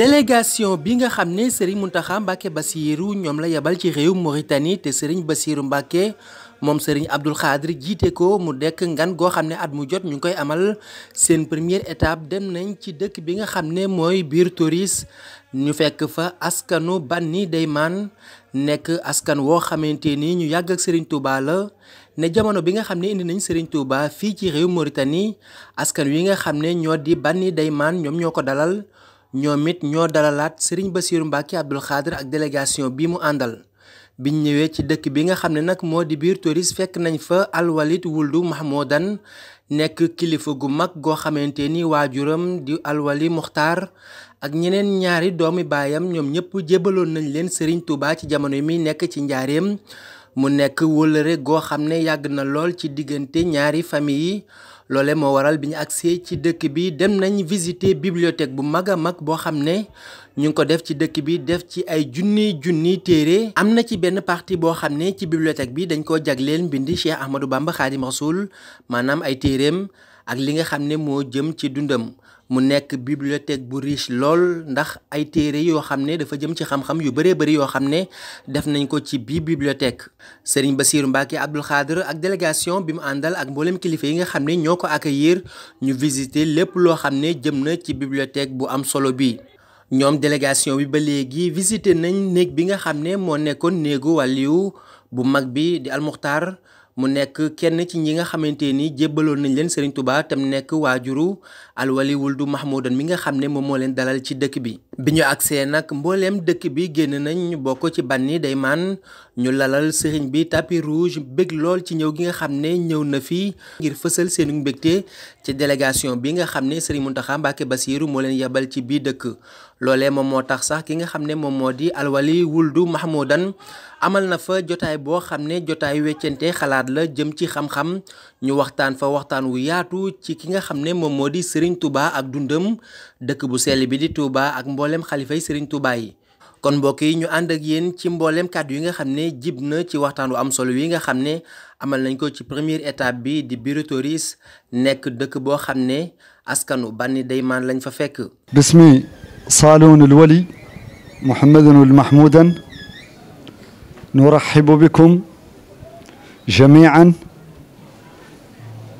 délégation bi nga xam ne sëriñ Mountakha Mbacké Bassirou ñoom la yebal ci réew Mauritanie te sëriñ Bassirou Mbacké moom sëriñ Abdul Xaadir jiite ko mu dekk ngan goo xam ne at mu jot ñu ngi koy amal seen première étape dem nañ ci dëkk bi nga xam ne mooy biir ñu fekk fa askanu Banni Daymaan nekk askan woo xamante ni ñu yàgg ak sëriñ Touba la ne jamono bi nga xam ne indi nañ sëriñ Touba fii ci réew Mauritanie askan wi nga xam ne ñoo di Banni Daymaan ñoom ñoo ko dalal ñoom it ñoo dalalaat Serigne Bassirou Mbacké Abdoul Khadr ak délégation bii mu àndal biñ ñëwee ci dëkk bi nga xam ne nag moo di biir Toris fekk nañ fa Alwalid Wuldu Mahmoudan nekk kilifa gu mag goo xamante ni waajuram di Alwali Muxtaar ak ñeneen ñaari doomi baayam ñoom ñëpp jébbaloon nañ leen Serigne Touba ci jamono yi muy nekk ci njaareem mu nekk wëllëre goo xam ne yàgg na lool ci diggante ñaari famille yi loole moo waral bi ñu agsee ci dëkk bi dem nañ visiter bibliothèque bu mag a mag boo xam ne ñu ngi ko def ci dëkk bi def ci ay junniy junniy téere am na ci benn partie boo xam ne ci bibliothèque bi dañ koo jagleel mbindi Cheikh Ahmadou Bamba Khadim Rasoul maanaam ay téereem ak li nga xam ne moo jëm ci dundam mu nekk bibliothèque bu riche lool ndax ay téere yoo xam ne dafa jëm ci xam-xam yu bëree bëri yoo xam ne def nañ ko ci bii bibliothèque Serigne Bassirou Mbacké Abdoul Khadr ak délégation bi mu àndal ak mboolem kilifa yi nga xam ne ñoo ko accueillir ñu visiter lépp loo xam ne jëm na ci bibliothèque bu am solo bi ñoom délégation bi ba léegi visiter nañ néeg bi nga xam ne moo nekkoon néegu wàlliyu bu mag bi di almuxtaar mu nekk kenn ci ñi nga xamante ni jébbaloon nañ leen Serigne Touba tam nekk waajuru alwaliwul du Mahmoudan mi nga xam ne moom moo leen dalal ci dëkk bi. bi ñu agsee nag mbooleem dëkk bi génn nañ ñu bokk ci banni day maan ñu lalal sëriñ bi tapis rouge bëgg lool ci ñëw gi nga xam ne ñëw na fi ngir fësal seenu mbégte ci délégation bi nga xam ne sëriñ Mountakha Mbacké Bassirou moo leen yebal ci biir dëkk loolee moom moo tax sax ki nga xam ne moom moo di alwali wuldu mahmoudan amal na fa jotaay boo xam ne jotaay weccante xalaat la jëm ci xam-xam ñu waxtaan fa waxtaan wu yaatu ci ki nga xam ne moom moo di sëriñ Touba ak dundam mboolem xalifa yi Serigne Touba yi. kon mbokk yi ñu ànd ak yéen ci mboolem kàddu yi nga xam ne jib na ci waxtaan wu am solo yi nga xam ne amal nañ ko ci première état bi di Biru nekk dëkk boo xam ne askanu Banni Daymaan lañ fa fekk. bismi saalonul wali muhammadunul mahmudan nuraxibu bikum jamiican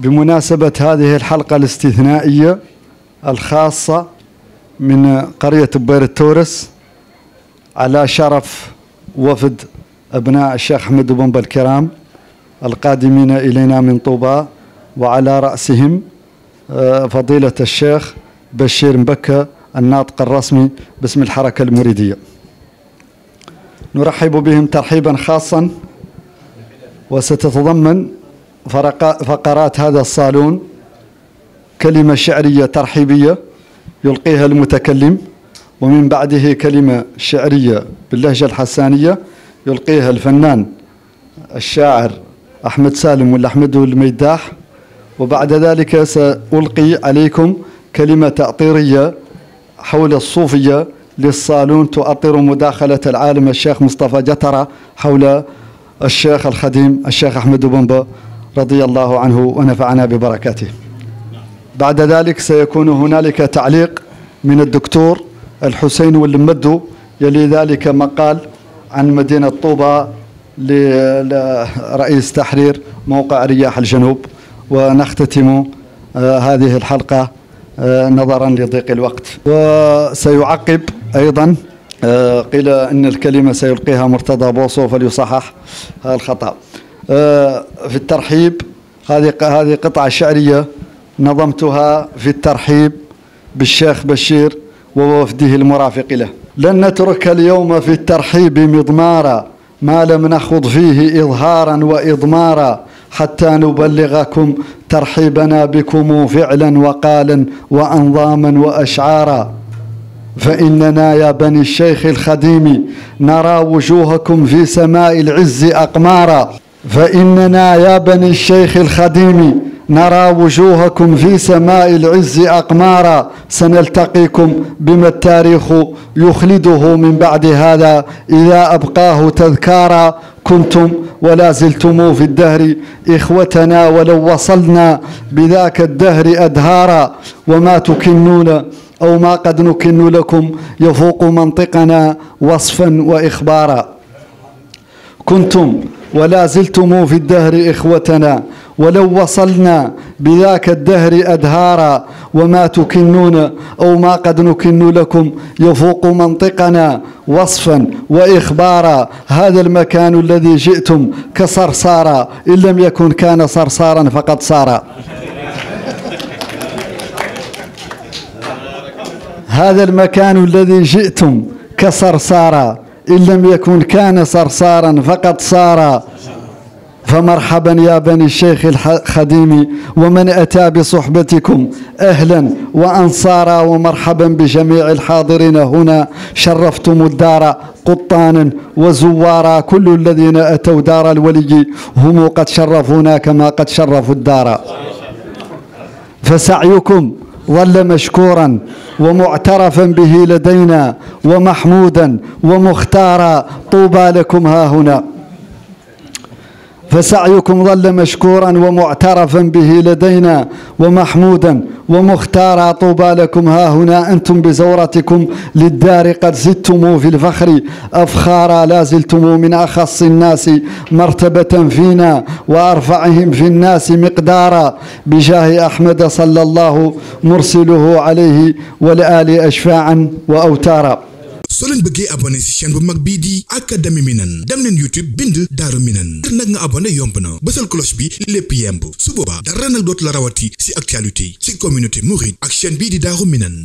bimunaasabat haadihi alxalqa alistithnaaiya alxaasa من قرية بير التورس على شرف وفد أبناء الشيخ أحمد بن الكرام القادمين إلينا من طوبى وعلى رأسهم فضيلة الشيخ بشير مبكى الناطق الرسمي باسم الحركة المريدية نرحب بهم ترحيبا خاصا وستتضمن فقرات هذا الصالون كلمة شعرية ترحيبية يلقيها المتكلم ومن بعده كلمة شعرية باللهجة الحسانية يلقيها الفنان الشاعر أحمد سالم ولا أحمد الميداح وبعد ذلك سألقي عليكم كلمة تأطيرية حول الصوفية للصالون تؤطر مداخلة العالم الشيخ مصطفى جترة حول الشيخ الخديم الشيخ أحمد بومبا رضي الله عنه ونفعنا ببركاته بعد ذلك سيكون هنالك تعليق من الدكتور الحسين والمدو يلي ذلك مقال عن مدينة طوبة لرئيس تحرير موقع رياح الجنوب ونختتم هذه الحلقة نظرا لضيق الوقت وسيعقب أيضا قيل أن الكلمة سيلقيها مرتضى بوصو فليصحح الخطأ في الترحيب هذه هذه قطعة شعرية نظمتها في الترحيب بالشيخ بشير ووفده المرافق له لن نترك اليوم في الترحيب مضمارا ما لم نخض فيه إظهارا وإضمارا حتى نبلغكم ترحيبنا بكم فعلا وقالا وأنظاما وأشعارا فإننا يا بني الشيخ الخديم نرى وجوهكم في سماء العز أقمارا فإننا يا بني الشيخ الخديم نرى وجوهكم في سماء العز أقمارا سنلتقيكم بما التاريخ يخلده من بعد هذا إذا أبقاه تذكارا كنتم ولا زلتم في الدهر إخوتنا ولو وصلنا بذاك الدهر أدهارا وما تكنون أو ما قد نكن لكم يفوق منطقنا وصفا وإخبارا كنتم ولا زلتم في الدهر إخوتنا ولو وصلنا بذاك الدهر أدهارا وما تكنون أو ما قد نكن لكم يفوق منطقنا وصفا وإخبارا هذا المكان الذي جئتم كصرصارا إن لم يكن كان صرصارا فقد صار هذا المكان الذي جئتم كصرصارا إن لم يكن كان صرصارا فقد صار فمرحبا يا بني الشيخ الخديم ومن أتى بصحبتكم أهلا وأنصارا ومرحبا بجميع الحاضرين هنا شرفتم الدار قطانا وزوارا كل الذين أتوا دار الولي هم قد شرفونا كما قد شرفوا الدار فسعيكم ولا مشكورا ومعترفا به لدينا ومحمودا ومختارا طوبى لكم ها هنا فسعيكم ظل مشكورا ومعترفا به لدينا ومحمودا ومختارا طوبى لكم ها هنا أنتم بزورتكم للدار قد زدتم في الفخر أفخارا لا زلتم من أخص الناس مرتبة فينا وأرفعهم في الناس مقدارا بجاه أحمد صلى الله مرسله عليه والآل أشفاعا وأوتارا soo leen bëggee abone ci chaîne bu mag bii di académie minan dem leen YouTube bind Daaru Minane ngir nag nga abonné yomb na bësal cloche bi lépp yemb su boobaa dara nag dootu la rawati si actualité ci communauté mouride ak chaîne bii di Daaru minan